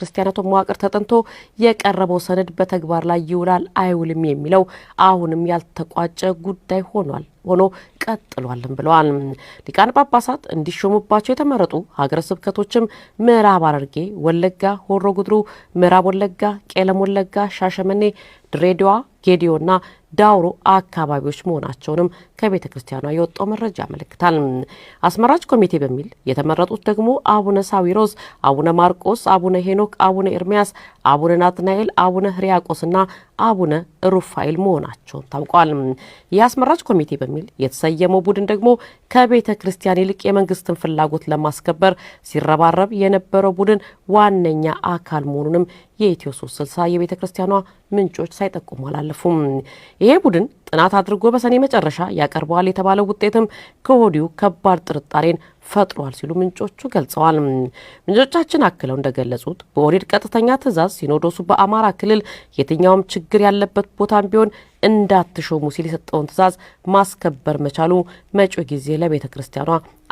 ክርስቲያናቱ መዋቅር ተጠንቶ የቀረበው ሰነድ በተግባር ላይ ይውላል አይውልም የሚለው አሁንም ያልተቋጨ ጉዳይ ሆኗል። ሆኖ ቀጥሏልም ብለዋል። ሊቃነ ጳጳሳት እንዲሾሙባቸው የተመረጡ ሀገረ ስብከቶችም ምዕራብ ሐረርጌ፣ ወለጋ፣ ሆሮ ጉድሩ፣ ምዕራብ ወለጋ፣ ቄለም ወለጋ፣ ሻሸመኔ፣ ድሬዳዋ፣ ጌዲዮና ዳውሮ አካባቢዎች መሆናቸውንም ከቤተ ክርስቲያኗ የወጣው መረጃ ያመለክታል። አስመራጭ ኮሚቴ በሚል የተመረጡት ደግሞ አቡነ ሳዊሮስ፣ አቡነ ማርቆስ፣ አቡነ ሄኖክ፣ አቡነ ኤርሚያስ፣ አቡነ ናትናኤል፣ አቡነ ህርያቆስና አቡነ ሩፋኤል መሆናቸውን ታውቋል። የአስመራጭ ኮሚቴ በሚል በሚል የተሰየመው ቡድን ደግሞ ከቤተ ክርስቲያን ይልቅ የመንግስትን ፍላጎት ለማስከበር ሲረባረብ የነበረው ቡድን ዋነኛ አካል መሆኑንም የኢትዮ ሶስት ስልሳ የቤተ ክርስቲያኗ ምንጮች ሳይጠቁሙ አላለፉም። ይሄ ቡድን ጥናት አድርጎ በሰኔ መጨረሻ ያቀርበዋል የተባለው ውጤትም ከወዲሁ ከባድ ጥርጣሬን ፈጥሯል ሲሉ ምንጮቹ ገልጸዋል። ምንጮቻችን አክለው እንደገለጹት በኦህዴድ ቀጥተኛ ትዕዛዝ ሲኖዶሱ በአማራ ክልል የትኛውም ችግር ያለበት ቦታም ቢሆን እንዳትሾሙ ሲል የሰጠውን ትዕዛዝ ማስከበር መቻሉ መጪው ጊዜ ለቤተ ክርስቲያኗ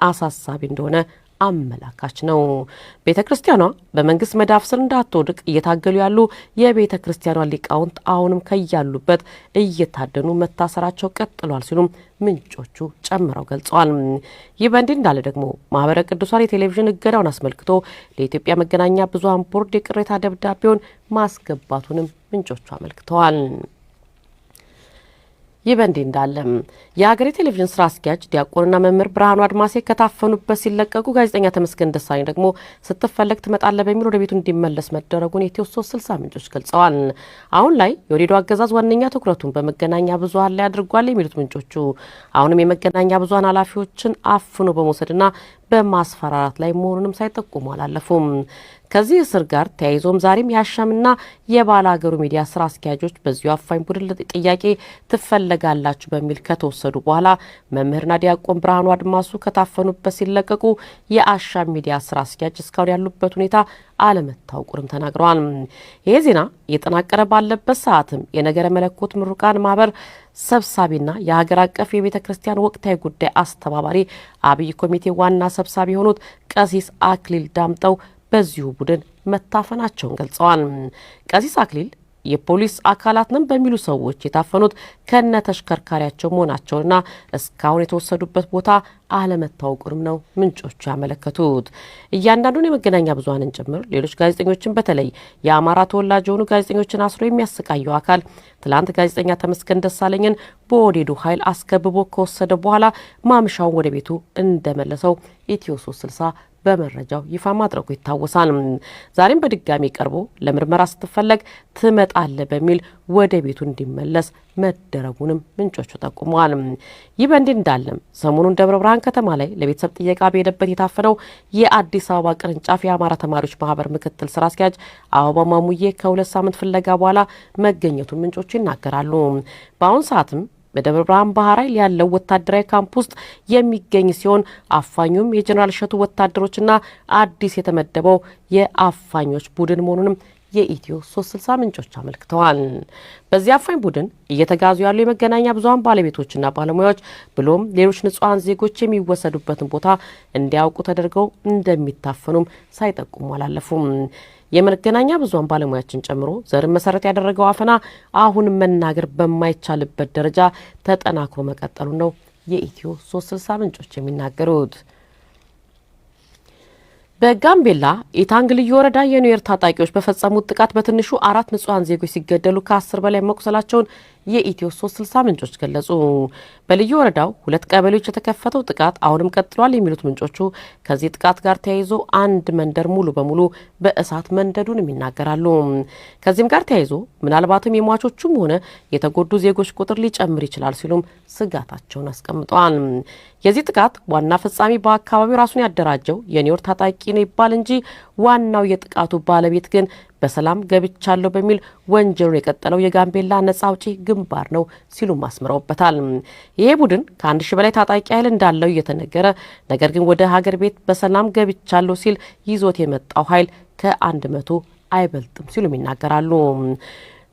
አሳሳቢ እንደሆነ አመላካች ነው። ቤተ ክርስቲያኗ በመንግስት መዳፍ ስር እንዳትወድቅ እየታገሉ ያሉ የቤተ ክርስቲያኗ ሊቃውንት አሁንም ከያሉበት እየታደኑ መታሰራቸው ቀጥሏል ሲሉም ምንጮቹ ጨምረው ገልጸዋል። ይህ በእንዲህ እንዳለ ደግሞ ማህበረ ቅዱሳን የቴሌቪዥን እገዳውን አስመልክቶ ለኢትዮጵያ መገናኛ ብዙሃን ቦርድ የቅሬታ ደብዳቤውን ማስገባቱንም ምንጮቹ አመልክተዋል። ይህ በእንዲህ እንዳለም የሀገሬ ቴሌቪዥን ስራ አስኪያጅ ዲያቆንና መምህር ብርሃኑ አድማሴ ከታፈኑበት ሲለቀቁ ጋዜጠኛ ተመስገን ደሳኝ ደግሞ ስትፈለግ ትመጣለ በሚል ወደ ቤቱ እንዲመለስ መደረጉን የኢትዮ ሶስት ስልሳ ምንጮች ገልጸዋል። አሁን ላይ የወዲዶ አገዛዝ ዋነኛ ትኩረቱን በመገናኛ ብዙሀን ላይ አድርጓል የሚሉት ምንጮቹ አሁንም የመገናኛ ብዙሀን ኃላፊዎችን አፍኖ በመውሰድና በማስፈራራት ላይ መሆኑንም ሳይጠቁሙ አላለፉም። ከዚህ እስር ጋር ተያይዞም ዛሬም የአሻምና የባለ ሀገሩ ሚዲያ ስራ አስኪያጆች በዚሁ አፋኝ ቡድን ጥያቄ ትፈለጋላችሁ በሚል ከተወሰዱ በኋላ መምህርና ዲያቆን ብርሃኑ አድማሱ ከታፈኑበት ሲለቀቁ የአሻም ሚዲያ ስራ አስኪያጅ እስካሁን ያሉበት ሁኔታ አለመታወቁንም ተናግረዋል። ይህ ዜና እየጠናቀረ ባለበት ሰዓትም የነገረ መለኮት ምሩቃን ማህበር ሰብሳቢና የሀገር አቀፍ የቤተ ክርስቲያን ወቅታዊ ጉዳይ አስተባባሪ አብይ ኮሚቴ ዋና ሰብሳቢ የሆኑት ቀሲስ አክሊል ዳምጠው በዚሁ ቡድን መታፈናቸውን ገልጸዋል። ቀሲስ አክሊል የፖሊስ አካላት ነን በሚሉ ሰዎች የታፈኑት ከነ ተሽከርካሪያቸው መሆናቸውንና እስካሁን የተወሰዱበት ቦታ አለመታወቁንም ነው ምንጮቹ ያመለከቱት። እያንዳንዱን የመገናኛ ብዙኃንን ጭምር ሌሎች ጋዜጠኞችን በተለይ የአማራ ተወላጅ የሆኑ ጋዜጠኞችን አስሮ የሚያሰቃየው አካል ትላንት ጋዜጠኛ ተመስገን ደሳለኝን በወዴዱ ኃይል አስከብቦ ከወሰደ በኋላ ማምሻውን ወደ ቤቱ እንደመለሰው ኢትዮ 360 በመረጃው ይፋ ማድረጉ ይታወሳል። ዛሬም በድጋሚ ቀርቦ ለምርመራ ስትፈለግ ትመጣለ በሚል ወደ ቤቱ እንዲመለስ መደረጉንም ምንጮቹ ጠቁመዋል። ይህ በእንዲህ እንዳለም ሰሞኑን ደብረ ብርሃን ከተማ ላይ ለቤተሰብ ጥየቃ በሄደበት የታፈነው የአዲስ አበባ ቅርንጫፍ የአማራ ተማሪዎች ማህበር ምክትል ስራ አስኪያጅ አበባ ማሙዬ ከሁለት ሳምንት ፍለጋ በኋላ መገኘቱን ምንጮቹ ይናገራሉ። በአሁን ሰዓትም በደብረ ብርሃን ባህር ኃይል ያለው ወታደራዊ ካምፕ ውስጥ የሚገኝ ሲሆን አፋኙም የጀኔራል እሸቱ ወታደሮችና አዲስ የተመደበው የአፋኞች ቡድን መሆኑንም የኢትዮ 360 ምንጮች አመልክተዋል። በዚህ አፋኝ ቡድን እየተጋዙ ያሉ የመገናኛ ብዙኃን ባለቤቶችና ባለሙያዎች ብሎም ሌሎች ንጹሐን ዜጎች የሚወሰዱበትን ቦታ እንዲያውቁ ተደርገው እንደሚታፈኑም ሳይጠቁሙ አላለፉም። የመገናኛ ብዙኃን ባለሙያችን ጨምሮ ዘርን መሰረት ያደረገው አፈና አሁን መናገር በማይቻልበት ደረጃ ተጠናክሮ መቀጠሉ ነው የኢትዮ 360 ምንጮች የሚናገሩት። በጋምቤላ ኢታንግ ልዩ ወረዳ የኑዌር ታጣቂዎች በፈጸሙት ጥቃት በትንሹ አራት ንጹሐን ዜጎች ሲገደሉ ከአስር በላይ መቁሰላቸውን የኢትዮ ሶስት ስልሳ ምንጮች ገለጹ። በልዩ ወረዳው ሁለት ቀበሌዎች የተከፈተው ጥቃት አሁንም ቀጥሏል የሚሉት ምንጮቹ ከዚህ ጥቃት ጋር ተያይዞ አንድ መንደር ሙሉ በሙሉ በእሳት መንደዱንም ይናገራሉ። ከዚህም ጋር ተያይዞ ምናልባትም የሟቾቹም ሆነ የተጎዱ ዜጎች ቁጥር ሊጨምር ይችላል ሲሉም ስጋታቸውን አስቀምጠዋል። የዚህ ጥቃት ዋና ፈጻሚ በአካባቢው ራሱን ያደራጀው የኒውዮርክ ታጣቂ ነው ይባል እንጂ ዋናው የጥቃቱ ባለቤት ግን በሰላም ገብቻለሁ በሚል ወንጀሉን የቀጠለው የጋምቤላ ነጻ አውጪ ግንባር ነው ሲሉም አስምረውበታል። ይሄ ቡድን ከአንድ ሺህ በላይ ታጣቂ ኃይል እንዳለው እየተነገረ ነገር ግን ወደ ሀገር ቤት በሰላም ገብቻለሁ ሲል ይዞት የመጣው ኃይል ከአንድ መቶ አይበልጥም ሲሉም ይናገራሉ።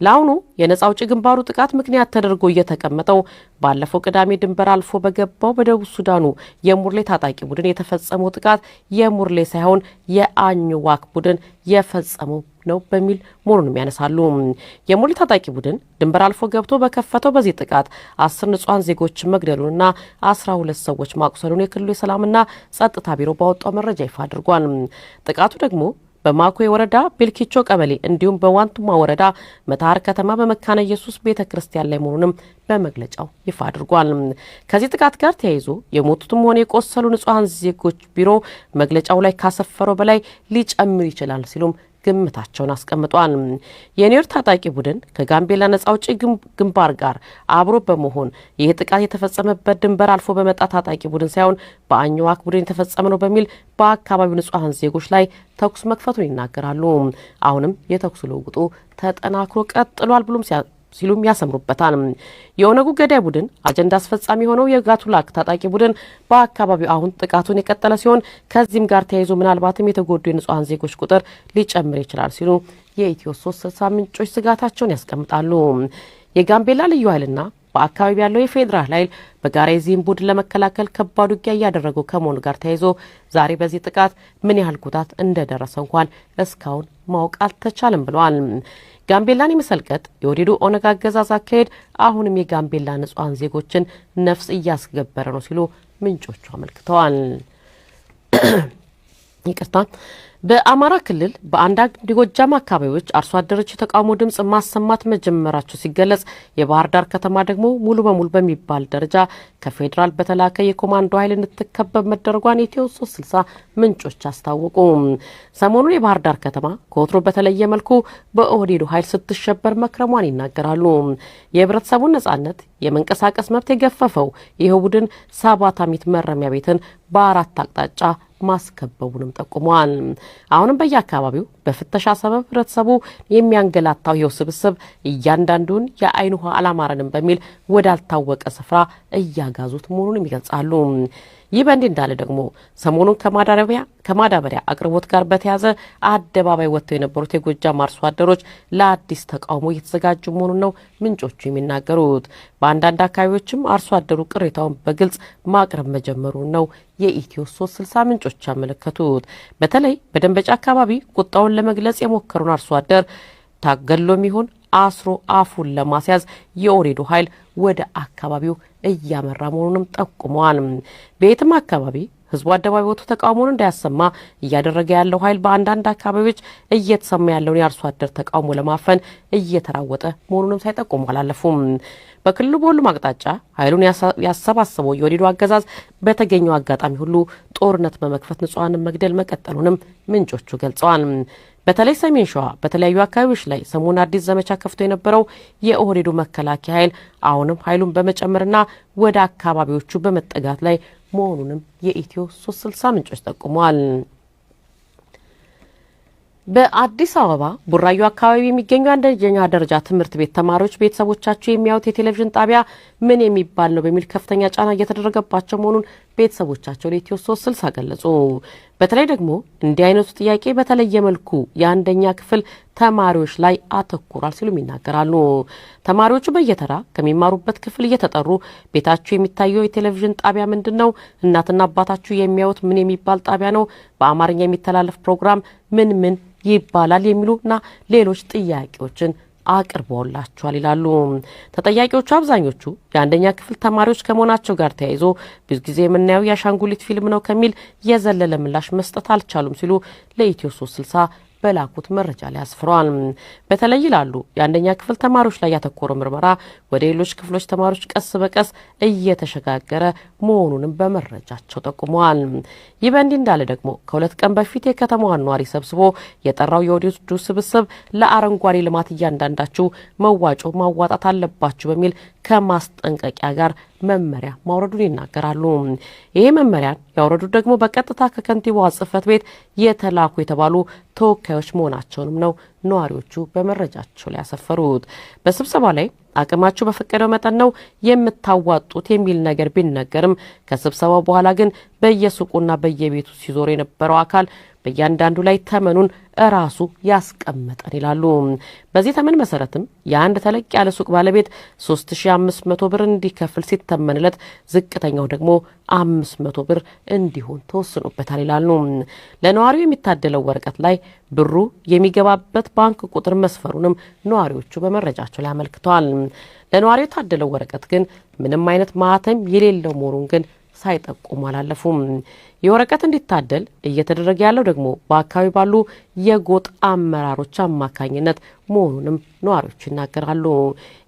ለአሁኑ የነጻ አውጪ ግንባሩ ጥቃት ምክንያት ተደርጎ እየተቀመጠው ባለፈው ቅዳሜ ድንበር አልፎ በገባው በደቡብ ሱዳኑ የሙርሌ ታጣቂ ቡድን የተፈጸመው ጥቃት የሙርሌ ሳይሆን የአኝዋክ ቡድን የፈጸመው ነው በሚል መሆኑንም ያነሳሉ። የሙርሌ ታጣቂ ቡድን ድንበር አልፎ ገብቶ በከፈተው በዚህ ጥቃት አስር ንጹሐን ዜጎችን መግደሉንና አስራ ሁለት ሰዎች ማቁሰሉን የክልሉ የሰላምና ጸጥታ ቢሮ ባወጣው መረጃ ይፋ አድርጓል። ጥቃቱ ደግሞ በማኮይ ወረዳ ቤልኪቾ ቀበሌ እንዲሁም በዋንቱማ ወረዳ መታር ከተማ በመካነ ኢየሱስ ቤተ ክርስቲያን ላይ መሆኑንም በመግለጫው ይፋ አድርጓል። ከዚህ ጥቃት ጋር ተያይዞ የሞቱትም ሆነ የቆሰሉ ንጹሐን ዜጎች ቢሮ መግለጫው ላይ ካሰፈረው በላይ ሊጨምር ይችላል ሲሉም ግምታቸውን አስቀምጧል። የኒውዮርክ ታጣቂ ቡድን ከጋምቤላ ነጻ አውጪ ግንባር ጋር አብሮ በመሆን ይህ ጥቃት የተፈጸመበት ድንበር አልፎ በመጣ ታጣቂ ቡድን ሳይሆን በአኝዋክ ቡድን የተፈጸመ ነው በሚል በአካባቢው ንጹሐን ዜጎች ላይ ተኩስ መክፈቱን ይናገራሉ። አሁንም የተኩስ ልውውጡ ተጠናክሮ ቀጥሏል ብሎም ሲሉም ያሰምሩበታል። የኦነጉ ገዳይ ቡድን አጀንዳ አስፈጻሚ የሆነው የጋቱላክ ታጣቂ ቡድን በአካባቢው አሁን ጥቃቱን የቀጠለ ሲሆን ከዚህም ጋር ተያይዞ ምናልባትም የተጎዱ የንጹሐን ዜጎች ቁጥር ሊጨምር ይችላል ሲሉ የኢትዮ ሶስት ስልሳ ምንጮች ስጋታቸውን ያስቀምጣሉ። የጋምቤላ ልዩ ኃይልና በአካባቢ ያለው የፌዴራል ኃይል በጋራ የዚህም ቡድን ለመከላከል ከባድ ውጊያ እያደረጉ ከመሆኑ ጋር ተያይዞ ዛሬ በዚህ ጥቃት ምን ያህል ጉዳት እንደደረሰ እንኳን እስካሁን ማወቅ አልተቻለም ብለዋል። ጋምቤላን የመሰልቀጥ የወዲዱ ኦነግ አገዛዝ አካሄድ አሁንም የጋምቤላ ንጹሐን ዜጎችን ነፍስ እያስገበረ ነው ሲሉ ምንጮቹ አመልክተዋል። ይቅርታ በአማራ ክልል በአንዳንድ የጎጃም አካባቢዎች አርሶ አደሮች የተቃውሞ ድምፅ ማሰማት መጀመራቸው ሲገለጽ የባህር ዳር ከተማ ደግሞ ሙሉ በሙሉ በሚባል ደረጃ ከፌዴራል በተላከ የኮማንዶ ኃይል እንድትከበብ መደረጓን ኢትዮ ሶስት ስልሳ ምንጮች አስታወቁ። ሰሞኑን የባህር ዳር ከተማ ከወትሮ በተለየ መልኩ በኦህዴዱ ኃይል ስትሸበር መክረሟን ይናገራሉ። የህብረተሰቡን ነጻነት የመንቀሳቀስ መብት የገፈፈው ይህ ቡድን ሰባ መረሚያ ቤትን በአራት አቅጣጫ ማስከበቡንም ጠቁመዋል። አሁንም በየአካባቢው በፍተሻ ሰበብ ህብረተሰቡ የሚያንገላታው ይኸው ስብስብ እያንዳንዱን የአይን ውሃ አላማረንም በሚል ወዳልታወቀ ስፍራ እያጋዙት መሆኑንም ይገልጻሉ። ይህ በእንዲህ እንዳለ ደግሞ ሰሞኑን ከማዳበሪያ ከማዳበሪያ አቅርቦት ጋር በተያዘ አደባባይ ወጥተው የነበሩት የጎጃም አርሶ አደሮች ለአዲስ ተቃውሞ እየተዘጋጁ መሆኑን ነው ምንጮቹ የሚናገሩት። በአንዳንድ አካባቢዎችም አርሶ አደሩ ቅሬታውን በግልጽ ማቅረብ መጀመሩን ነው የኢትዮ ሶስት ስልሳ ምንጮች ያመለከቱት። በተለይ በደንበጫ አካባቢ ቁጣውን ለመግለጽ የሞከሩን አርሶ አደር ታገሎም ይሆን አስሮ አፉን ለማስያዝ የኦሬዶ ኃይል ወደ አካባቢው እያመራ መሆኑንም ጠቁመዋል። በየትም አካባቢ ህዝቡ አደባባይ ወጥቶ ተቃውሞውን እንዳያሰማ እያደረገ ያለው ኃይል በአንዳንድ አካባቢዎች እየተሰማ ያለውን የአርሶ አደር ተቃውሞ ለማፈን እየተራወጠ መሆኑንም ሳይጠቁሙ አላለፉም። በክልሉ በሁሉም አቅጣጫ ኃይሉን ያሰባሰበው የወዲዶ አገዛዝ በተገኘው አጋጣሚ ሁሉ ጦርነት በመክፈት ንጹሐንን መግደል መቀጠሉንም ምንጮቹ ገልጸዋል። በተለይ ሰሜን ሸዋ በተለያዩ አካባቢዎች ላይ ሰሞኑን አዲስ ዘመቻ ከፍቶ የነበረው የኦህዴዱ መከላከያ ኃይል አሁንም ኃይሉን በመጨመርና ወደ አካባቢዎቹ በመጠጋት ላይ መሆኑንም የኢትዮ ስልሳ ምንጮች ጠቁመዋል። በአዲስ አበባ ቡራዩ አካባቢ የሚገኙ አንደኛ ደረጃ ትምህርት ቤት ተማሪዎች ቤተሰቦቻቸው የሚያዩት የቴሌቪዥን ጣቢያ ምን የሚባል ነው በሚል ከፍተኛ ጫና እየተደረገባቸው መሆኑን ቤተሰቦቻቸው ኢትዮ ሶስት ስልሳ ገለጹ። በተለይ ደግሞ እንዲህ አይነቱ ጥያቄ በተለየ መልኩ የአንደኛ ክፍል ተማሪዎች ላይ አተኩሯል ሲሉም ይናገራሉ። ተማሪዎቹ በየተራ ከሚማሩበት ክፍል እየተጠሩ ቤታችሁ የሚታየው የቴሌቪዥን ጣቢያ ምንድን ነው? እናትና አባታችሁ የሚያዩት ምን የሚባል ጣቢያ ነው? በአማርኛ የሚተላለፍ ፕሮግራም ምን ምን ይባላል? የሚሉና ሌሎች ጥያቄዎችን አቅርበውላቸዋል ይላሉ። ተጠያቂዎቹ አብዛኞቹ የአንደኛ ክፍል ተማሪዎች ከመሆናቸው ጋር ተያይዞ ብዙ ጊዜ የምናየው የአሻንጉሊት ፊልም ነው ከሚል የዘለለ ምላሽ መስጠት አልቻሉም ሲሉ ለኢትዮ ሶስት ስልሳ በላኩት መረጃ ላይ አስፍሯል። በተለይ ይላሉ የአንደኛ ክፍል ተማሪዎች ላይ ያተኮረው ምርመራ ወደ ሌሎች ክፍሎች ተማሪዎች ቀስ በቀስ እየተሸጋገረ መሆኑንም በመረጃቸው ጠቁመዋል። ይህ በእንዲህ እንዳለ ደግሞ ከሁለት ቀን በፊት የከተማዋን ነዋሪ ሰብስቦ የጠራው የወዲዱ ስብስብ ለአረንጓዴ ልማት እያንዳንዳችሁ መዋጮ ማዋጣት አለባችሁ በሚል ከማስጠንቀቂያ ጋር መመሪያ ማውረዱን ይናገራሉ። ይህ መመሪያ ያውረዱ ደግሞ በቀጥታ ከከንቲባዋ ጽህፈት ቤት የተላኩ የተባሉ ተወካዮች መሆናቸውንም ነው ነዋሪዎቹ በመረጃቸው ላይ ያሰፈሩት። በስብሰባ ላይ አቅማችሁ በፈቀደው መጠን ነው የምታዋጡት የሚል ነገር ቢነገርም ከስብሰባው በኋላ ግን በየሱቁና በየቤቱ ሲዞር የነበረው አካል በእያንዳንዱ ላይ ተመኑን እራሱ ያስቀመጠን ይላሉ። በዚህ ተመን መሰረትም የአንድ ተለቅ ያለ ሱቅ ባለቤት 3500 ብር እንዲከፍል ሲተመንለት ዝቅተኛው ደግሞ 500 ብር እንዲሆን ተወስኖበታል ይላሉ። ለነዋሪው የሚታደለው ወረቀት ላይ ብሩ የሚገባበት ባንክ ቁጥር መስፈሩንም ነዋሪዎቹ በመረጃቸው ላይ አመልክተዋል። ለነዋሪው የታደለው ወረቀት ግን ምንም አይነት ማህተም የሌለው መሆኑን ግን ሳይጠቁሙ አላለፉም። የወረቀት እንዲታደል እየተደረገ ያለው ደግሞ በአካባቢ ባሉ የጎጥ አመራሮች አማካኝነት መሆኑንም ነዋሪዎች ይናገራሉ።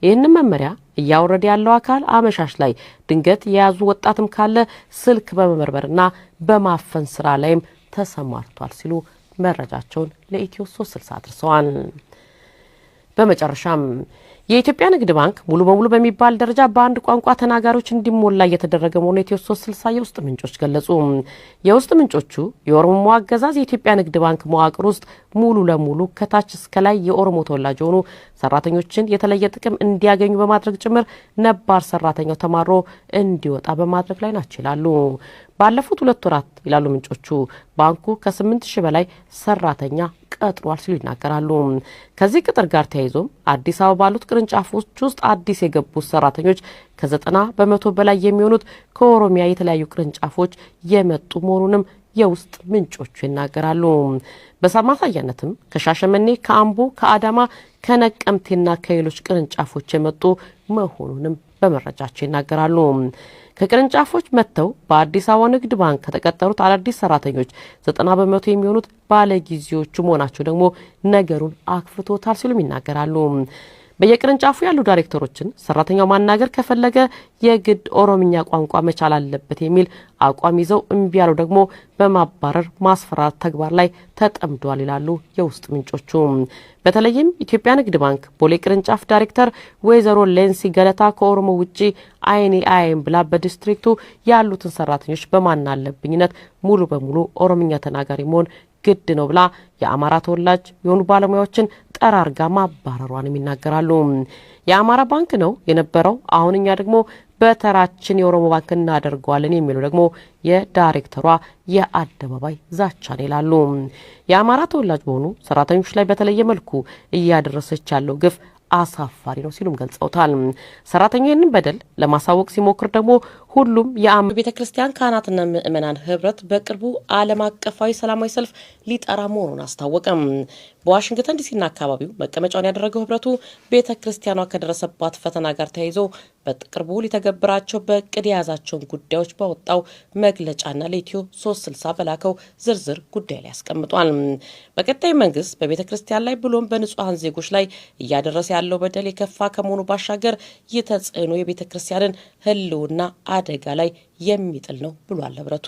ይህንን መመሪያ እያወረደ ያለው አካል አመሻሽ ላይ ድንገት የያዙ ወጣትም ካለ ስልክ በመበርበርና በማፈን ስራ ላይም ተሰማርቷል ሲሉ መረጃቸውን ለኢትዮ ሶስት ስልሳ አድርሰዋል። በመጨረሻም የኢትዮጵያ ንግድ ባንክ ሙሉ በሙሉ በሚባል ደረጃ በአንድ ቋንቋ ተናጋሪዎች እንዲሞላ እየተደረገ መሆኑ ኢትዮ ሶስት ስልሳ የውስጥ ምንጮች ገለጹ። የውስጥ ምንጮቹ የኦሮሞ አገዛዝ የኢትዮጵያ ንግድ ባንክ መዋቅር ውስጥ ሙሉ ለሙሉ ከታች እስከ ላይ የኦሮሞ ተወላጅ የሆኑ ሰራተኞችን የተለየ ጥቅም እንዲያገኙ በማድረግ ጭምር ነባር ሰራተኛው ተማሮ እንዲወጣ በማድረግ ላይ ናቸው ይላሉ። ባለፉት ሁለት ወራት ይላሉ ምንጮቹ ባንኩ ከስምንት ሺህ በላይ ሰራተኛ ቀጥሯል ሲሉ ይናገራሉ። ከዚህ ቅጥር ጋር ተያይዞም አዲስ አበባ ባሉት ቅርንጫፎች ውስጥ አዲስ የገቡት ሰራተኞች ከዘጠና በመቶ በላይ የሚሆኑት ከኦሮሚያ የተለያዩ ቅርንጫፎች የመጡ መሆኑንም የውስጥ ምንጮቹ ይናገራሉ። በማሳያነትም ከሻሸመኔ፣ ከአምቦ፣ ከአዳማ፣ ከነቀምቴና ከሌሎች ቅርንጫፎች የመጡ መሆኑንም በመረጃቸው ይናገራሉ። ከቅርንጫፎች መጥተው በአዲስ አበባ ንግድ ባንክ ከተቀጠሩት አዳዲስ ሰራተኞች ዘጠና በመቶ የሚሆኑት ባለጊዜዎቹ መሆናቸው ደግሞ ነገሩን አክፍቶታል ሲሉም ይናገራሉ። በየቅርንጫፉ ያሉ ዳይሬክተሮችን ሰራተኛው ማናገር ከፈለገ የግድ ኦሮምኛ ቋንቋ መቻል አለበት የሚል አቋም ይዘው እምቢ ያሉ ደግሞ በማባረር ማስፈራራት ተግባር ላይ ተጠምዷል ይላሉ የውስጥ ምንጮቹ። በተለይም ኢትዮጵያ ንግድ ባንክ ቦሌ ቅርንጫፍ ዳይሬክተር ወይዘሮ ሌንሲ ገለታ ከኦሮሞ ውጪ አይኔ አያይም ብላ በዲስትሪክቱ ያሉትን ሰራተኞች በማናለብኝነት ሙሉ በሙሉ ኦሮምኛ ተናጋሪ መሆን ግድ ነው ብላ የአማራ ተወላጅ የሆኑ ባለሙያዎችን ጠራርጋ ማባረሯንም ይናገራሉ። የአማራ ባንክ ነው የነበረው፣ አሁን እኛ ደግሞ በተራችን የኦሮሞ ባንክ እናደርገዋለን የሚሉ ደግሞ የዳይሬክተሯ የአደባባይ ዛቻን ይላሉ። የአማራ ተወላጅ በሆኑ ሰራተኞች ላይ በተለየ መልኩ እያደረሰች ያለው ግፍ አሳፋሪ ነው ሲሉም ገልጸውታል። ሰራተኛ ይህንን በደል ለማሳወቅ ሲሞክር ደግሞ ሁሉም የአም ቤተ ክርስቲያን ካህናትና ምእመናን ህብረት በቅርቡ ዓለም አቀፋዊ ሰላማዊ ሰልፍ ሊጠራ መሆኑን አስታወቀም። በዋሽንግተን ዲሲና አካባቢው መቀመጫውን ያደረገው ህብረቱ ቤተ ክርስቲያኗ ከደረሰባት ፈተና ጋር ተያይዞ በቅርቡ ሊተገብራቸው በቅድ የያዛቸውን ጉዳዮች ባወጣው መግለጫና ለኢትዮ 360 በላከው ዝርዝር ጉዳይ ላይ ያስቀምጧል። በቀጣይ መንግስት በቤተ ክርስቲያን ላይ ብሎም በንጹሐን ዜጎች ላይ እያደረሰ ያለው በደል የከፋ ከመሆኑ ባሻገር ይህ ተጽዕኖ የቤተ ክርስቲያንን ህልውና አደጋ ላይ የሚጥል ነው ብሏል ህብረቱ።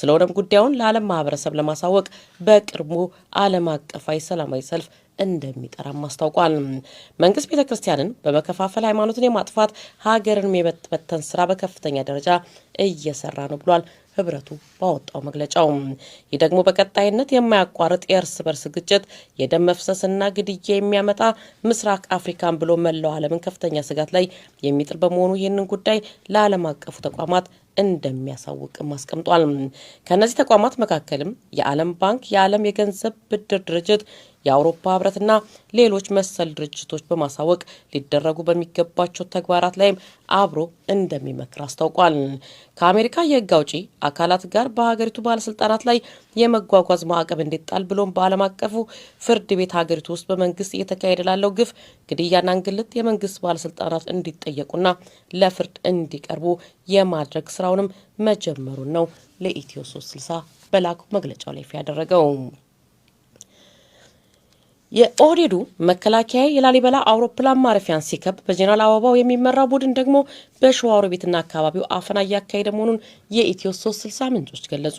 ስለሆነም ጉዳዩን ለዓለም ማህበረሰብ ለማሳወቅ በቅርቡ ዓለም አቀፋዊ ሰላማዊ ሰልፍ እንደሚጠራም አስታውቋል። መንግስት ቤተ ክርስቲያንን በመከፋፈል ሃይማኖትን የማጥፋት ሀገርን የመበተን ስራ በከፍተኛ ደረጃ እየሰራ ነው ብሏል። ህብረቱ ባወጣው መግለጫው። ይህ ደግሞ በቀጣይነት የማያቋርጥ የእርስ በርስ ግጭት፣ የደም መፍሰስና ግድያ የሚያመጣ ምስራቅ አፍሪካን ብሎ መላው ዓለምን ከፍተኛ ስጋት ላይ የሚጥል በመሆኑ ይህንን ጉዳይ ለዓለም አቀፉ ተቋማት እንደሚያሳውቅም አስቀምጧል። ከእነዚህ ተቋማት መካከልም የዓለም ባንክ፣ የዓለም የገንዘብ ብድር ድርጅት የአውሮፓ ህብረትና ሌሎች መሰል ድርጅቶች በማሳወቅ ሊደረጉ በሚገባቸው ተግባራት ላይም አብሮ እንደሚመክር አስታውቋል። ከአሜሪካ የህግ አውጪ አካላት ጋር በሀገሪቱ ባለስልጣናት ላይ የመጓጓዝ ማዕቀብ እንዲጣል ብሎም በዓለም አቀፉ ፍርድ ቤት ሀገሪቱ ውስጥ በመንግስት እየተካሄደ ላለው ግፍ፣ ግድያና እንግልት የመንግስት ባለስልጣናት እንዲጠየቁና ለፍርድ እንዲቀርቡ የማድረግ ስራውንም መጀመሩን ነው ለኢትዮ 360 በላኩ መግለጫው ላይ ያደረገው። የኦህዴዱ መከላከያ የላሊበላ አውሮፕላን ማረፊያን ሲከብ በጀኔራል አበባው የሚመራው ቡድን ደግሞ በሸዋ ቤትና አካባቢው አፈና እያካሄደ መሆኑን የኢትዮ ሶስት ስልሳ ምንጮች ገለጹ።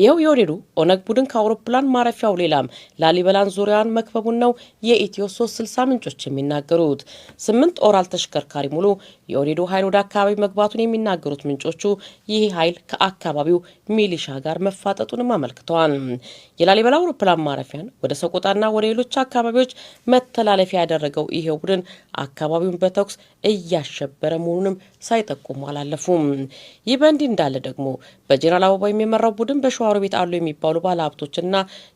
ይኸው የኦህዴዱ ኦነግ ቡድን ከአውሮፕላን ማረፊያው ሌላም ላሊበላን ዙሪያዋን መክበቡን ነው የኢትዮ ሶስት ስልሳ ምንጮች የሚናገሩት። ስምንት ኦራል ተሽከርካሪ ሙሉ የኦህዴዱ ኃይል ወደ አካባቢ መግባቱን የሚናገሩት ምንጮቹ ይህ ኃይል ከአካባቢው ሚሊሻ ጋር መፋጠጡንም አመልክተዋል። የላሊበላ አውሮፕላን ማረፊያን ወደ ሰቆጣና ወደ ሌሎች በሌሎች አካባቢዎች መተላለፊያ ያደረገው ይሄ ቡድን አካባቢውን በተኩስ እያሸበረ መሆኑንም ሳይጠቁሙ አላለፉም። ይህ በእንዲህ እንዳለ ደግሞ በጀኔራል አበባ የሚመራው ቡድን በሸዋሮ ቤት አሉ የሚባሉ ባለሀብቶችና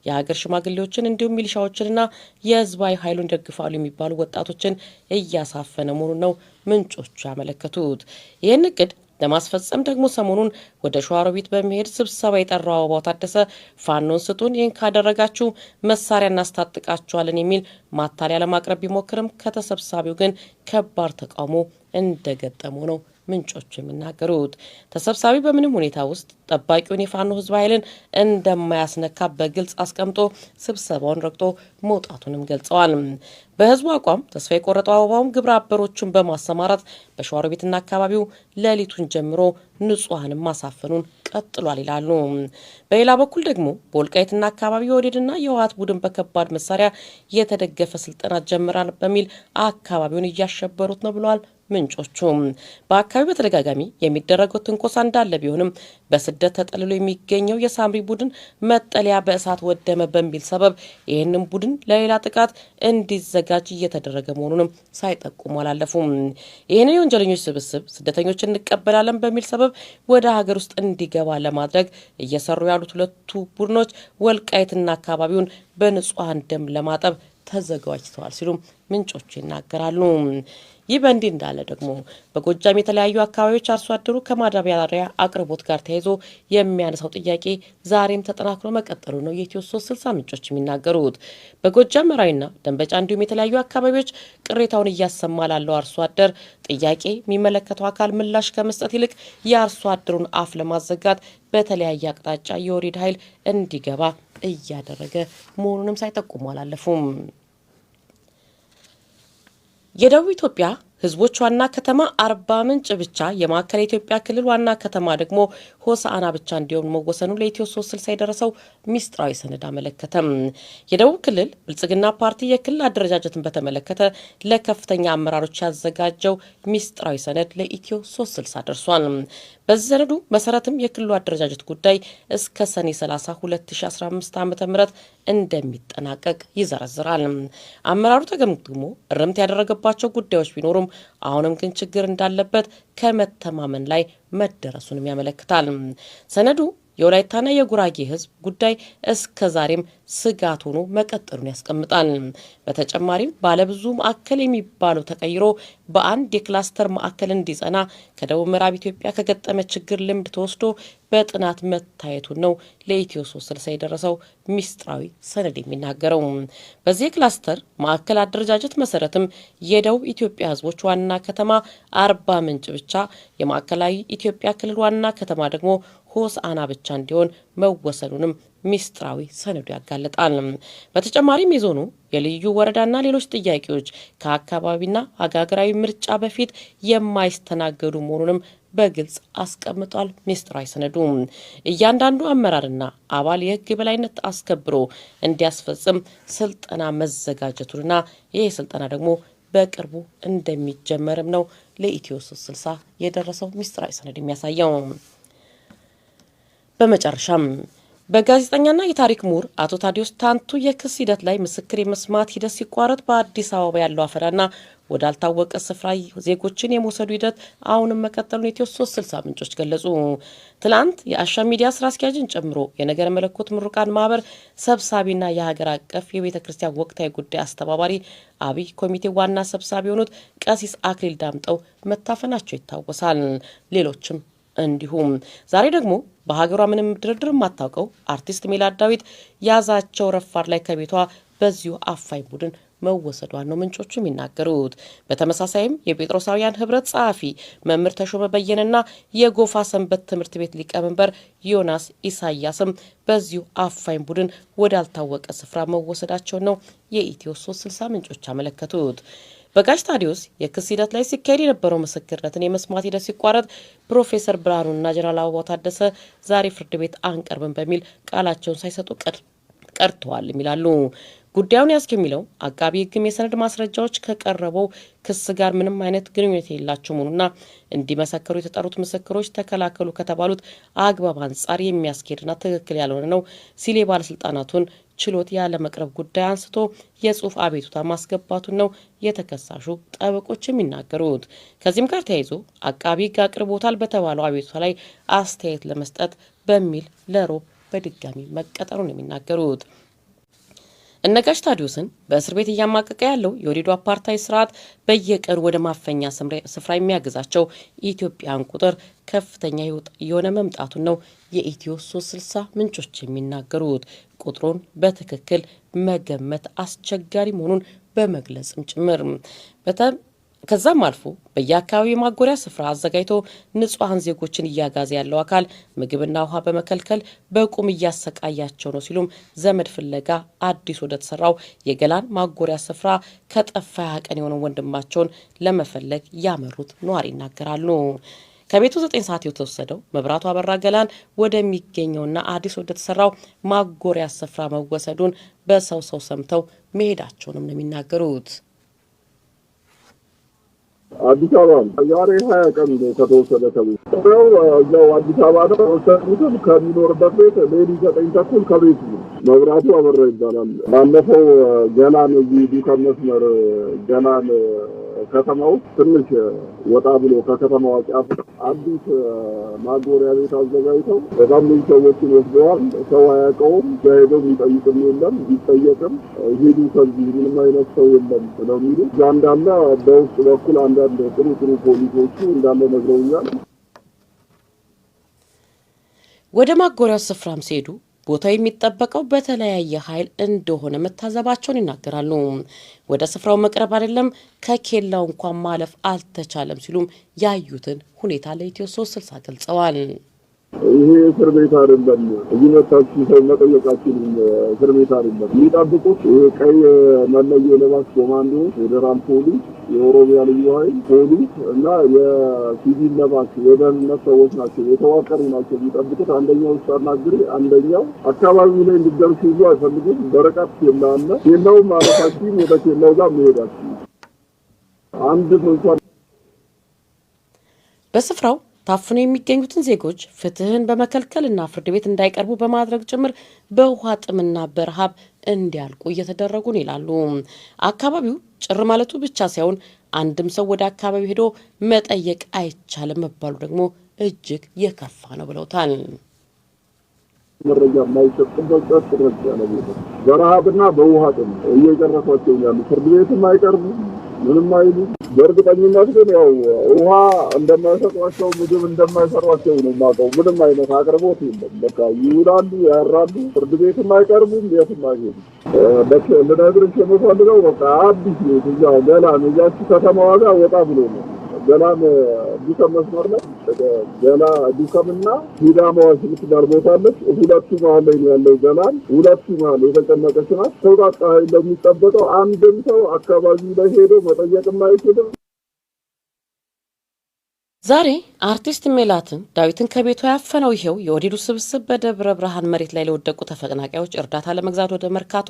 የሀገር ሽማግሌዎችን እንዲሁም ሚሊሻዎችንና የህዝባዊ ኃይሉን ደግፋሉ የሚባሉ ወጣቶችን እያሳፈነ መሆኑን ነው ምንጮቹ ያመለከቱት። ይህን እቅድ ለማስፈጸም ደግሞ ሰሞኑን ወደ ሸዋሮቢት በመሄድ ስብሰባ የጠራው አበባው ታደሰ ፋኖን ስጡን፣ ይህን ካደረጋችሁ መሳሪያ እናስታጥቃችኋለን የሚል ማታለያ ለማቅረብ ቢሞክርም ከተሰብሳቢው ግን ከባድ ተቃውሞ እንደገጠመው ነው ምንጮች የሚናገሩት። ተሰብሳቢ በምንም ሁኔታ ውስጥ ጠባቂውን የፋኖ ህዝብ ኃይልን እንደማያስነካ በግልጽ አስቀምጦ ስብሰባውን ረግጦ መውጣቱንም ገልጸዋል። በህዝቡ አቋም ተስፋ የቆረጠው አበባውም ግብረ አበሮቹን በማሰማራት ቤትና አካባቢው ሌሊቱን ጀምሮ ንጹሐንም ማሳፈኑን ቀጥሏል ይላሉ። በሌላ በኩል ደግሞ በወልቃይትና አካባቢ ወዴድና የህወሓት ቡድን በከባድ መሳሪያ የተደገፈ ስልጠና ጀምራል በሚል አካባቢውን እያሸበሩት ነው ብለዋል። ምንጮቹ በአካባቢው በተደጋጋሚ የሚደረገው ትንኮሳ እንዳለ ቢሆንም በስደት ተጠልሎ የሚገኘው የሳምሪ ቡድን መጠለያ በእሳት ወደመ በሚል ሰበብ ይህንን ቡድን ለሌላ ጥቃት እንዲዘጋጅ እየተደረገ መሆኑንም ሳይጠቁሙ አላለፉም። ይህንን የወንጀለኞች ስብስብ ስደተኞች እንቀበላለን በሚል ሰበብ ወደ ሀገር ውስጥ እንዲገባ ለማድረግ እየሰሩ ያሉት ሁለቱ ቡድኖች ወልቃይትና አካባቢውን በንጹሐን ደም ለማጠብ ተዘጋጅተዋል ሲሉም ምንጮቹ ይናገራሉ። ይህ በእንዲህ እንዳለ ደግሞ በጎጃም የተለያዩ አካባቢዎች አርሶ አደሩ ከማዳበሪያ አቅርቦት ጋር ተያይዞ የሚያነሳው ጥያቄ ዛሬም ተጠናክሮ መቀጠሉ ነው የኢትዮ ሶስት ስልሳ ምንጮች የሚናገሩት። በጎጃም መራዊና ደንበጫ እንዲሁም የተለያዩ አካባቢዎች ቅሬታውን እያሰማ ላለው አርሶ አደር ጥያቄ የሚመለከተው አካል ምላሽ ከመስጠት ይልቅ የአርሶ አደሩን አፍ ለማዘጋት በተለያየ አቅጣጫ የወሬድ ኃይል እንዲገባ እያደረገ መሆኑንም ሳይጠቁሙ አላለፉም። የደቡብ ኢትዮጵያ ህዝቦች ዋና ከተማ አርባ ምንጭ ብቻ የማዕከል የኢትዮጵያ ክልል ዋና ከተማ ደግሞ ሆሳአና ብቻ እንዲሆን መወሰኑ ለኢትዮ ሶስት ስልሳ የደረሰው ሚስጥራዊ ሰነድ አመለከተም። የደቡብ ክልል ብልጽግና ፓርቲ የክልል አደረጃጀትን በተመለከተ ለከፍተኛ አመራሮች ያዘጋጀው ሚስጥራዊ ሰነድ ለኢትዮ ሶስት ስልሳ ደርሷል። በዚህ ሰነዱ መሰረትም የክልሉ አደረጃጀት ጉዳይ እስከ ሰኔ 30 2015 ዓ ም እንደሚጠናቀቅ ይዘረዝራል። አመራሩ ተገምግሞ እርምት ያደረገባቸው ጉዳዮች ቢኖሩም አሁንም ግን ችግር እንዳለበት ከመተማመን ላይ መደረሱንም ያመለክታል ሰነዱ። የወላይታና የጉራጌ ሕዝብ ጉዳይ እስከ ዛሬም ስጋት ሆኖ መቀጠሉን ያስቀምጣል። በተጨማሪም ባለብዙ ማዕከል የሚባለው ተቀይሮ በአንድ የክላስተር ማዕከል እንዲጸና ከደቡብ ምዕራብ ኢትዮጵያ ከገጠመ ችግር ልምድ ተወስዶ በጥናት መታየቱን ነው ለኢትዮ ስልሳ የደረሰው ሚስጥራዊ ሰነድ የሚናገረው። በዚህ ክላስተር ማዕከል አደረጃጀት መሰረትም የደቡብ ኢትዮጵያ ህዝቦች ዋና ከተማ አርባ ምንጭ ብቻ፣ የማዕከላዊ ኢትዮጵያ ክልል ዋና ከተማ ደግሞ ሆስአና ብቻ እንዲሆን መወሰኑንም ሚስጥራዊ ሰነዱ ያጋልጣል። በተጨማሪም የዞኑ የልዩ ወረዳና ሌሎች ጥያቄዎች ከአካባቢና አገራዊ ምርጫ በፊት የማይስተናገዱ መሆኑንም በግልጽ አስቀምጧል። ሚስጥሩ አይሰነዱም። እያንዳንዱ አመራርና አባል የህግ የበላይነት አስከብሮ እንዲያስፈጽም ስልጠና መዘጋጀቱንና ይህ ስልጠና ደግሞ በቅርቡ እንደሚጀመርም ነው ለኢትዮ ሶስት ስልሳ የደረሰው ሚስጥራዊ ሰነድ የሚያሳየው። በመጨረሻም በጋዜጠኛና የታሪክ ምሁር አቶ ታዲዮስ ታንቱ የክስ ሂደት ላይ ምስክር የመስማት ሂደት ሲቋረጥ በአዲስ አበባ ያለው አፈናና ወዳልታወቀ ስፍራ ዜጎችን የመውሰዱ ሂደት አሁንም መቀጠሉን ኢትዮ ሶስት ስልሳ ምንጮች ገለጹ። ትናንት የአሻ ሚዲያ ስራ አስኪያጅን ጨምሮ የነገረ መለኮት ምሩቃን ማህበር ሰብሳቢና የሀገር አቀፍ የቤተ ክርስቲያን ወቅታዊ ጉዳይ አስተባባሪ አብይ ኮሚቴ ዋና ሰብሳቢ የሆኑት ቀሲስ አክሊል ዳምጠው መታፈናቸው ይታወሳል። ሌሎችም እንዲሁም ዛሬ ደግሞ በሀገሯ ምንም ድርድር የማታውቀው አርቲስት ሜላት ዳዊት ያዛቸው ረፋድ ላይ ከቤቷ በዚሁ አፋኝ ቡድን መወሰዷን ነው ምንጮቹ የሚናገሩት። በተመሳሳይም የጴጥሮሳውያን ህብረት ጸሐፊ መምህር ተሾመ በየነና የጎፋ ሰንበት ትምህርት ቤት ሊቀመንበር ዮናስ ኢሳያስም በዚሁ አፋኝ ቡድን ወዳልታወቀ ስፍራ መወሰዳቸውን ነው የኢትዮ ሶስት ስልሳ ምንጮች አመለከቱት። በጋሽ ታዲዮስ የክስ ሂደት ላይ ሲካሄድ የነበረው ምስክርነትን የመስማት ሂደት ሲቋረጥ ፕሮፌሰር ብርሃኑና ጀነራል አበባው ታደሰ ዛሬ ፍርድ ቤት አንቀርብም በሚል ቃላቸውን ሳይሰጡ ቀርተዋል ይላሉ። ጉዳዩን ያስክ የሚለው አቃቢ ሕግም የሰነድ ማስረጃዎች ከቀረበው ክስ ጋር ምንም አይነት ግንኙነት የሌላቸው መሆኑና እንዲመሰክሩ የተጠሩት ምስክሮች ተከላከሉ ከተባሉት አግባብ አንጻር የሚያስኬድና ትክክል ያልሆነ ነው ሲል የባለስልጣናቱን ችሎት ያለመቅረብ ጉዳይ አንስቶ የጽሁፍ አቤቱታ ማስገባቱን ነው የተከሳሹ ጠበቆች የሚናገሩት። ከዚህም ጋር ተያይዞ አቃቢ ሕግ አቅርቦታል በተባለው አቤቱታ ላይ አስተያየት ለመስጠት በሚል ለሮብ በድጋሚ መቀጠሩን የሚናገሩት እነጋሽ ታዲዮስን በእስር ቤት እያማቀቀ ያለው የወዲዶ አፓርታይ ስርዓት በየቀኑ ወደ ማፈኛ ስፍራ የሚያግዛቸው ኢትዮጵያን ቁጥር ከፍተኛ የሆነ መምጣቱን ነው የኢትዮ 360 ምንጮች የሚናገሩት። ቁጥሩን በትክክል መገመት አስቸጋሪ መሆኑን በመግለጽም ጭምር ከዛም አልፎ በየአካባቢው የማጎሪያ ስፍራ አዘጋጅቶ ንጹሐን ዜጎችን እያጋዘ ያለው አካል ምግብና ውሃ በመከልከል በቁም እያሰቃያቸው ነው ሲሉም ዘመድ ፍለጋ አዲስ ወደ ተሰራው የገላን ማጎሪያ ስፍራ ከጠፋ ያቀን የሆነው ወንድማቸውን ለመፈለግ ያመሩት ነዋሪ ይናገራሉ። ከቤቱ ዘጠኝ ሰዓት የተወሰደው መብራቱ አበራ ገላን ወደሚገኘውና አዲስ ወደተሰራው ማጎሪያ ስፍራ መወሰዱን በሰው ሰው ሰምተው መሄዳቸውንም ነው የሚናገሩት። አዲስ አበባ ነው። ዛሬ ሀያ ቀን ነው ከተወሰደ ከቤት ነው። እዛው አዲስ አበባ ነው ወሰዱትም ከሚኖርበት ቤት ሌሊ ዘጠኝ ተኩል ከቤት ነው። መብራቱ አበራ ይባላል። ባለፈው ገናን እዚህ ዱከም ገና ነው ከተማው ትንሽ ወጣ ብሎ ከከተማዋ ጫፍ አዲስ ማጎሪያ ቤት አዘጋጅተው በጣም ብዙ ሰዎችን ወስደዋል። ሰው አያውቀውም። ሄደው የሚጠይቅም የለም ቢጠየቅም ሄዱ ከዚህ ምንም አይነት ሰው የለም ስለሚሉ እዛ እንዳለ በውስጥ በኩል አንዳንድ ጥሩ ጥሩ ፖሊሶቹ እንዳለ ነግረውኛል። ወደ ማጎሪያው ስፍራም ሲሄዱ ቦታው የሚጠበቀው በተለያየ ኃይል እንደሆነ መታዘባቸውን ይናገራሉ። ወደ ስፍራው መቅረብ አይደለም ከኬላው እንኳን ማለፍ አልተቻለም ሲሉም ያዩትን ሁኔታ ለኢትዮ ሶስት ስልሳ ገልጸዋል። ይሄ እስር ቤት አይደለም። እዚህ መታችሁ ሰው መጠየቃችሁ እስር ቤት አይደለም። የሚጠብቁት ቀይ መለዮ ለባሽ ኮማንዶ፣ ፌዴራል ፖሊስ፣ የኦሮሚያ ልዩ ኃይል ፖሊስ እና የሲቪል ለባሽ የደህንነት ሰዎች ናቸው፣ የተዋቀሩ ናቸው የሚጠብቁት። አንደኛው ስታናግሪ፣ አንደኛው አካባቢ ላይ እንድደርሱ ይዞ አይፈልጉም። በርቀት የለአለ አለ። ማለታችን ማለታችሁም ወደ ኬላው ጋር መሄዳችሁ አንድ ሰው በስፍራው ታፍነው የሚገኙትን ዜጎች ፍትህን በመከልከልና ፍርድ ቤት እንዳይቀርቡ በማድረግ ጭምር በውሃ ጥምና በረሃብ እንዲያልቁ እየተደረጉ ነው ይላሉ። አካባቢው ጭር ማለቱ ብቻ ሳይሆን አንድም ሰው ወደ አካባቢው ሄዶ መጠየቅ አይቻልም መባሉ ደግሞ እጅግ የከፋ ነው ብለውታል። መረጃ የማይሰጥበት ጥረት ያለ በረሃብና በውሃ ጥም እየጨረሷቸው ያሉ ፍርድ ቤትም አይቀርቡም ምንም አይሉ። በእርግጠኝነት ግን ያው ውሃ እንደማይሰጧቸው ምግብ እንደማይሰሯቸው ነው የማውቀው። ምንም አይነት አቅርቦት የለም። በቃ ይውላሉ፣ ያራሉ፣ ፍርድ ቤትም አይቀርቡም፣ የትም አይሄዱም። ልነግርሽ የምፈልገው በቃ አዲስ ቤት እዚያው ገላን እዚያች ከተማዋ ጋር ወጣ ብሎ ነው ገላን ቢሰ መስመር ላይ ገና ዱከም እና ሲዳማዎች የምትባል ቦታ አለች። ሁለቱ መሀል ላይ ነው ያለው። ገናል ሁለቱ መሀል የተጨመቀች ናት። ሰውጣት ፀሐይ እንደሚጠበቀው አንድም ሰው አካባቢ ላይ ሄዶ መጠየቅም አይችልም። ዛሬ አርቲስት ሜላትን ዳዊትን ከቤቷ ያፈነው ይኸው የወዲዱ ስብስብ በደብረ ብርሃን መሬት ላይ ለወደቁ ተፈናቃዮች እርዳታ ለመግዛት ወደ መርካቶ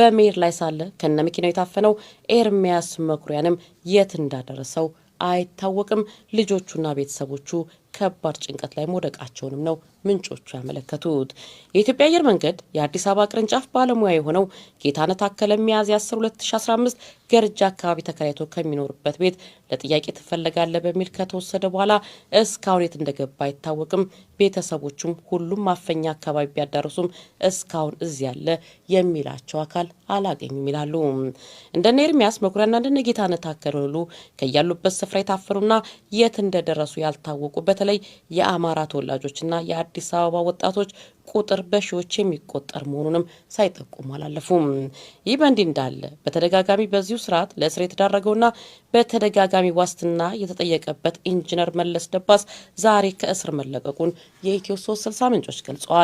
በመሄድ ላይ ሳለ ከነ መኪናው የታፈነው ኤርሚያስ መኩሪያንም የት እንዳደረሰው አይታወቅም። ልጆቹና ቤተሰቦቹ ከባድ ጭንቀት ላይ መውደቃቸውንም ነው ምንጮቹ ያመለከቱት። የኢትዮጵያ አየር መንገድ የአዲስ አበባ ቅርንጫፍ ባለሙያ የሆነው ጌታነ ታከለ ሚያዝያ 10 2015 ገርጃ አካባቢ ተከራይቶ ከሚኖርበት ቤት ለጥያቄ ትፈለጋለህ በሚል ከተወሰደ በኋላ እስካሁን የት እንደገባ አይታወቅም። ቤተሰቦቹም ሁሉም ማፈኛ አካባቢ ቢያዳርሱም እስካሁን እዚህ ያለ የሚላቸው አካል አላገኙም ይላሉ። እንደነ ኤርሚያስ መኩሪያና እንደነ ጌታነ ታከለ ሁሉ ከያሉበት ስፍራ የታፈኑና የት እንደደረሱ ያልታወቁበት በተለይ የአማራ ተወላጆችና የአዲስ አበባ ወጣቶች ቁጥር በሺዎች የሚቆጠር መሆኑንም ሳይጠቁሙ አላለፉም። ይህ በእንዲህ እንዳለ በተደጋጋሚ በዚሁ ስርዓት ለእስር የተዳረገውና በተደጋጋሚ ዋስትና የተጠየቀበት ኢንጂነር መለስ ደባስ ዛሬ ከእስር መለቀቁን የኢትዮ ሶስት ስልሳ ምንጮች ገልጸዋል።